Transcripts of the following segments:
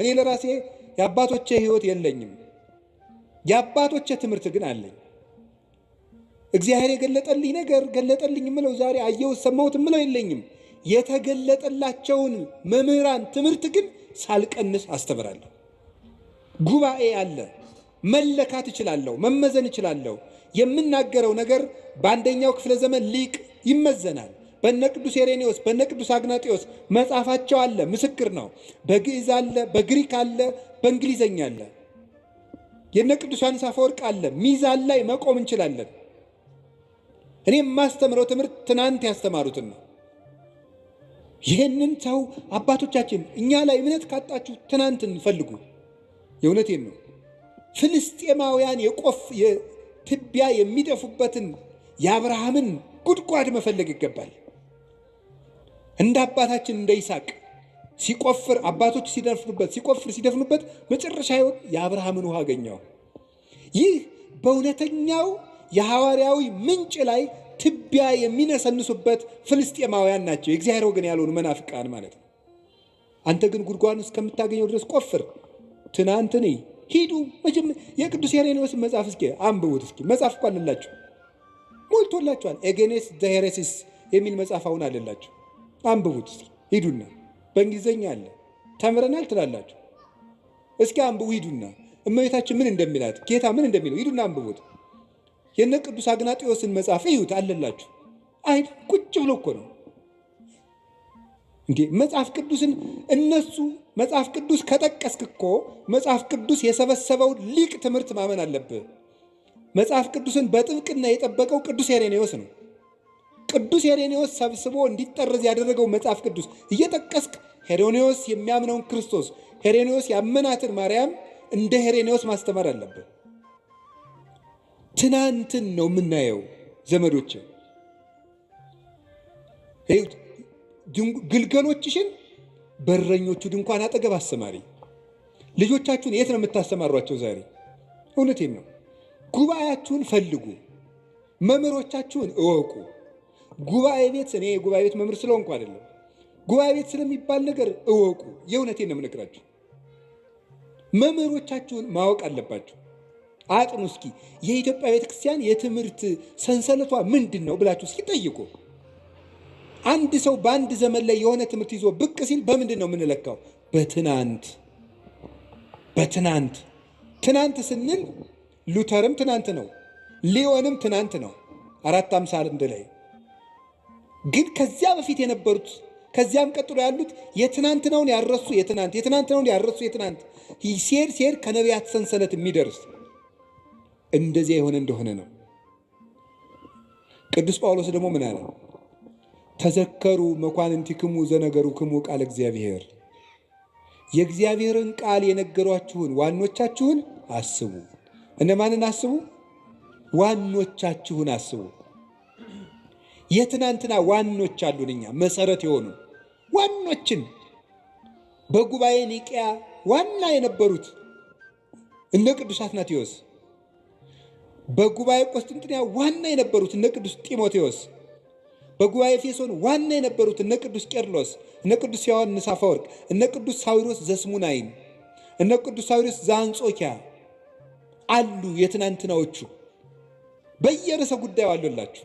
እኔ ለራሴ የአባቶቼ ህይወት የለኝም፣ የአባቶቼ ትምህርት ግን አለኝ። እግዚአብሔር የገለጠልኝ ነገር ገለጠልኝ ምለው ዛሬ አየሁት ሰማሁት ምለው የለኝም። የተገለጠላቸውን መምህራን ትምህርት ግን ሳልቀንስ አስተምራለሁ። ጉባኤ አለ። መለካት እችላለሁ፣ መመዘን እችላለሁ። የምናገረው ነገር በአንደኛው ክፍለ ዘመን ሊቅ ይመዘናል። በነ ቅዱስ ሄሬኔዎስ በነ ቅዱስ አግናጢዎስ መጽሐፋቸው አለ፣ ምስክር ነው። በግዕዝ አለ፣ በግሪክ አለ፣ በእንግሊዘኛ አለ። የነ ቅዱስ ዮሐንስ አፈወርቅ አለ። ሚዛን ላይ መቆም እንችላለን። እኔ የማስተምረው ትምህርት ትናንት ያስተማሩትን ነው። ይህንን ሰው አባቶቻችን እኛ ላይ እምነት ካጣችሁ ትናንት እንፈልጉ። የእውነቴን ነው። ፍልስጤማውያን የቆፍ የትቢያ የሚደፉበትን የአብርሃምን ጉድጓድ መፈለግ ይገባል። እንደ አባታችን እንደ ይስሐቅ ሲቆፍር አባቶች ሲደፍኑበት ሲቆፍር ሲደፍኑበት መጨረሻ ሕይወት የአብርሃምን ውሃ አገኘው። ይህ በእውነተኛው የሐዋርያዊ ምንጭ ላይ ትቢያ የሚነሰንሱበት ፍልስጤማውያን ናቸው፣ የእግዚአብሔር ወገን ያልሆኑ መናፍቃን ማለት ነው። አንተ ግን ጉድጓን እስከምታገኘው ድረስ ቆፍር። ትናንትን ሂዱ የቅዱስ ሄሬኔዎስ መጽሐፍ እስኪ አንብቡት። እስኪ መጽሐፍ እኳ አለላችሁ ሞልቶላችኋል። ኤጌኔስ ዘሄሬሲስ የሚል መጽሐፍ አሁን አለላችሁ። አንብቡት እስኪ ሂዱና፣ በእንግሊዝኛ አለ ተምረናል ትላላችሁ። እስኪ አንብቡ ሂዱና፣ እመቤታችን ምን እንደሚላት ጌታ ምን እንደሚለው ሂዱና አንብቡት። የነ ቅዱስ አግናጢዎስን መጽሐፍ እዩት አለላችሁ። አይ ቁጭ ብሎ እኮ ነው እንዴ መጽሐፍ ቅዱስን እነሱ መጽሐፍ ቅዱስ ከጠቀስክ እኮ መጽሐፍ ቅዱስ የሰበሰበው ሊቅ ትምህርት ማመን አለብህ። መጽሐፍ ቅዱስን በጥብቅና የጠበቀው ቅዱስ ያሬኔዎስ ነው። ቅዱስ ሄሬኔዎስ ሰብስቦ እንዲጠረዝ ያደረገው መጽሐፍ ቅዱስ እየጠቀስክ ሄሬኔዎስ የሚያምነውን ክርስቶስ ሄሬኔዎስ ያመናትን ማርያም እንደ ሄሬኔዎስ ማስተማር አለብን። ትናንትን ነው የምናየው ዘመዶች። ግልገሎችሽን በረኞቹ ድንኳን አጠገብ አሰማሪ። ልጆቻችሁን የት ነው የምታሰማሯቸው ዛሬ? እውነቴም ነው። ጉባኤያችሁን ፈልጉ። መምህሮቻችሁን እወቁ። ጉባኤ ቤት እኔ የጉባኤ ቤት መምህር ስለሆንኩ አይደለም። ጉባኤ ቤት ስለሚባል ነገር እወቁ። የእውነቴን ነው የምነግራችሁ። መምህሮቻችሁን ማወቅ አለባችሁ። አጥኑ እስኪ የኢትዮጵያ ቤተክርስቲያን የትምህርት ሰንሰለቷ ምንድን ነው ብላችሁ እስኪ ጠይቁ። አንድ ሰው በአንድ ዘመን ላይ የሆነ ትምህርት ይዞ ብቅ ሲል በምንድን ነው የምንለካው? በትናንት በትናንት ትናንት ስንል ሉተርም ትናንት ነው፣ ሊዮንም ትናንት ነው። አራት አምሳ አንድ ላይ ግን ከዚያ በፊት የነበሩት ከዚያም ቀጥሎ ያሉት የትናንትናውን ያረሱ የትናንት የትናንትናውን ያረሱ የትናንት ሴር ሴር ከነቢያት ሰንሰለት የሚደርስ እንደዚያ የሆነ እንደሆነ ነው። ቅዱስ ጳውሎስ ደግሞ ምን አለ? ተዘከሩ መኳንንቲክሙ ክሙ ቃለ እግዚአብሔር፣ የእግዚአብሔርን ቃል የነገሯችሁን ዋኖቻችሁን አስቡ። እነማንን አስቡ? ዋኖቻችሁን አስቡ። የትናንትና ዋኖች አሉን እኛ መሰረት የሆኑ ዋኖችን በጉባኤ ኒቅያ ዋና የነበሩት እነ ቅዱስ አትናቴዎስ፣ በጉባኤ ቆስጥንጥንያ ዋና የነበሩት እነ ቅዱስ ጢሞቴዎስ፣ በጉባኤ ኤፌሶን ዋና የነበሩት እነ ቅዱስ ቄርሎስ፣ እነ ቅዱስ ዮሐንስ አፈወርቅ፣ እነ ቅዱስ ሳዊሮስ ዘስሙናይን፣ እነ ቅዱስ ሳዊሮስ ዘአንጾኪያ አሉ። የትናንትናዎቹ በየርዕሰ ጉዳዩ አሉላችሁ።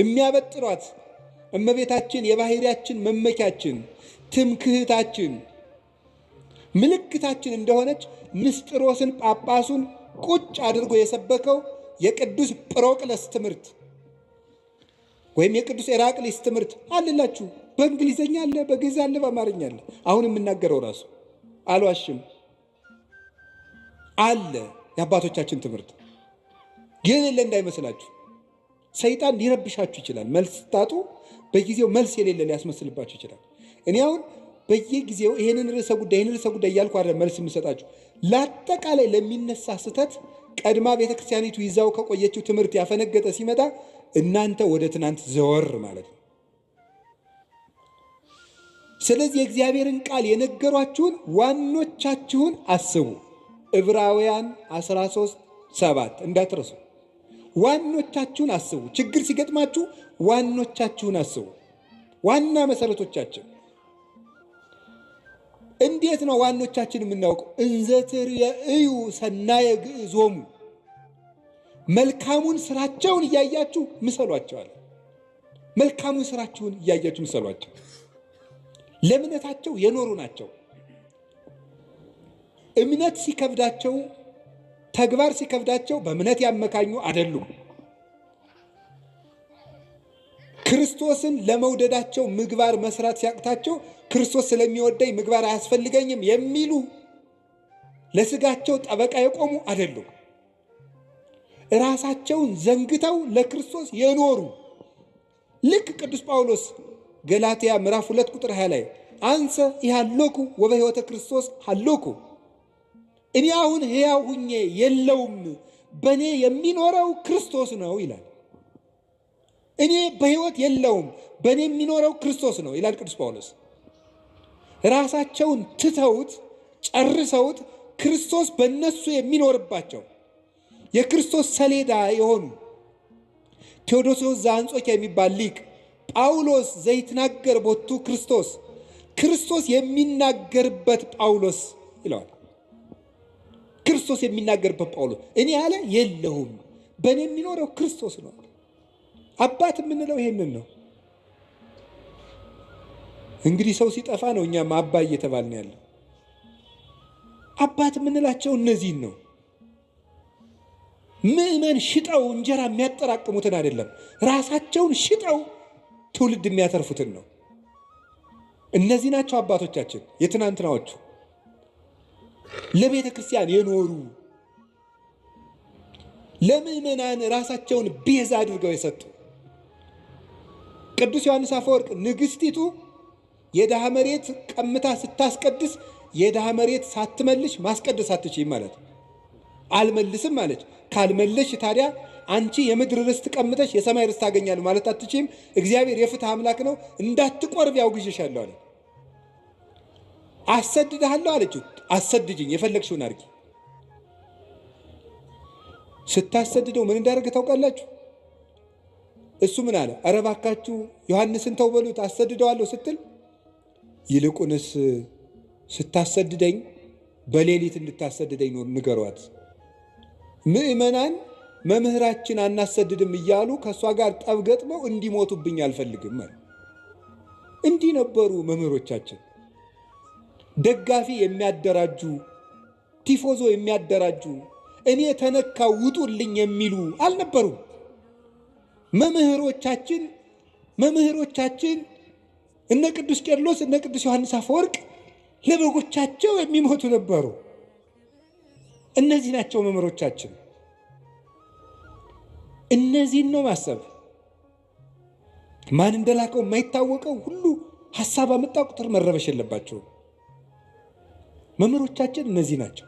የሚያበጥሯት እመቤታችን የባህሪያችን መመኪያችን፣ ትምክህታችን፣ ምልክታችን እንደሆነች ንስጥሮስን ጳጳሱን ቁጭ አድርጎ የሰበከው የቅዱስ ጵሮቅለስ ትምህርት ወይም የቅዱስ ኤራቅሊስ ትምህርት አለላችሁ። በእንግሊዘኛ አለ፣ በግዕዝ አለ፣ በአማርኛ አለ። አሁን የምናገረው ራሱ አልዋሽም አለ የአባቶቻችን ትምህርት። ይህን የለ እንዳይመስላችሁ። ሰይጣን ሊረብሻችሁ ይችላል። መልስ ስታጡ በጊዜው መልስ የሌለ ሊያስመስልባችሁ ይችላል። እኔ አሁን በየጊዜው ይህንን ርዕሰ ጉዳይ ይህን ርዕሰ ጉዳይ እያልኩ አይደለም መልስ የምሰጣችሁ። ለአጠቃላይ ለሚነሳ ስህተት ቀድማ ቤተክርስቲያኒቱ ይዛው ከቆየችው ትምህርት ያፈነገጠ ሲመጣ እናንተ ወደ ትናንት ዘወር ማለት ነው። ስለዚህ የእግዚአብሔርን ቃል የነገሯችሁን ዋኖቻችሁን አስቡ። ዕብራውያን 13 ሰባት እንዳትረሱ። ዋኖቻችሁን አስቡ። ችግር ሲገጥማችሁ ዋኖቻችሁን አስቡ። ዋና መሰረቶቻችን እንዴት ነው ዋኖቻችን የምናውቀው? እንዘትር የእዩ ሰናየ ግዕዞሙ፣ መልካሙን ስራቸውን እያያችሁ ምሰሏቸዋል። መልካሙን ስራቸውን እያያችሁ ምሰሏቸው። ለእምነታቸው የኖሩ ናቸው። እምነት ሲከብዳቸው ተግባር ሲከብዳቸው በእምነት ያመካኙ አይደሉም። ክርስቶስን ለመውደዳቸው ምግባር መስራት ሲያቅታቸው ክርስቶስ ስለሚወደኝ ምግባር አያስፈልገኝም የሚሉ ለስጋቸው ጠበቃ የቆሙ አይደሉም። ራሳቸውን ዘንግተው ለክርስቶስ የኖሩ ልክ ቅዱስ ጳውሎስ ገላትያ ምዕራፍ ሁለት ቁጥር 20 ላይ አንሰ ይህ አለኩ ወበሕይወተ ክርስቶስ አለኩ። እኔ አሁን ሕያው ሁኜ የለውም፣ በእኔ የሚኖረው ክርስቶስ ነው ይላል። እኔ በሕይወት የለውም፣ በእኔ የሚኖረው ክርስቶስ ነው ይላል ቅዱስ ጳውሎስ። ራሳቸውን ትተውት ጨርሰውት ክርስቶስ በእነሱ የሚኖርባቸው የክርስቶስ ሰሌዳ የሆኑ ቴዎዶሲዎስ ዘአንጾኪያ የሚባል ሊቅ ጳውሎስ ዘይትናገር ቦቱ ክርስቶስ ክርስቶስ የሚናገርበት ጳውሎስ ይለዋል። ክርስቶስ የሚናገርበት ጳውሎስ እኔ ያለ የለሁም በእኔ የሚኖረው ክርስቶስ ነው። አባት የምንለው ይሄንን ነው። እንግዲህ ሰው ሲጠፋ ነው እኛም አባ እየተባልን ያለው። አባት የምንላቸው እነዚህን ነው። ምእመን ሽጠው እንጀራ የሚያጠራቅሙትን አይደለም፣ ራሳቸውን ሽጠው ትውልድ የሚያተርፉትን ነው። እነዚህ ናቸው አባቶቻችን የትናንትናዎቹ። ለቤተ ክርስቲያን የኖሩ ለምእመናን ራሳቸውን ቤዛ አድርገው የሰጡ ቅዱስ ዮሐንስ አፈወርቅ ንግስቲቱ የድሃ መሬት ቀምታ ስታስቀድስ የድሃ መሬት ሳትመልሽ ማስቀደስ አትችይም ማለት አልመልስም ማለች። ካልመለሽ ታዲያ አንቺ የምድር ርስት ቀምተሽ የሰማይ ርስት ታገኛለሁ ማለት አትችይም። እግዚአብሔር የፍትህ አምላክ ነው፣ እንዳትቆርብ ያውግዥሻለሁ አለ። አሰድድሃለሁ አለችው። አሰድጅኝ፣ የፈለግሽውን አድርጊ። ስታሰድደው ምን እንዳደረገ ታውቃላችሁ? እሱ ምን አለ? ኧረ እባካችሁ ዮሐንስን ተው በሉት አሰድደዋለሁ ስትል፣ ይልቁንስ ስታሰድደኝ በሌሊት እንድታሰድደኝ ንገሯት። ምዕመናን መምህራችን አናሰድድም እያሉ ከእሷ ጋር ጠብ ገጥመው እንዲሞቱብኝ አልፈልግም። እንዲህ ነበሩ መምህሮቻችን። ደጋፊ የሚያደራጁ ቲፎዞ የሚያደራጁ እኔ ተነካ ውጡልኝ የሚሉ አልነበሩም። መምህሮቻችን መምህሮቻችን እነ ቅዱስ ቄርሎስ እነ ቅዱስ ዮሐንስ አፈወርቅ ለበጎቻቸው የሚሞቱ ነበሩ። እነዚህ ናቸው መምህሮቻችን። እነዚህን ነው ማሰብ። ማን እንደላከው የማይታወቀው ሁሉ ሀሳብ አመጣ ቁጥር መረበሽ የለባቸውም። መምህሮቻችን እነዚህ ናቸው።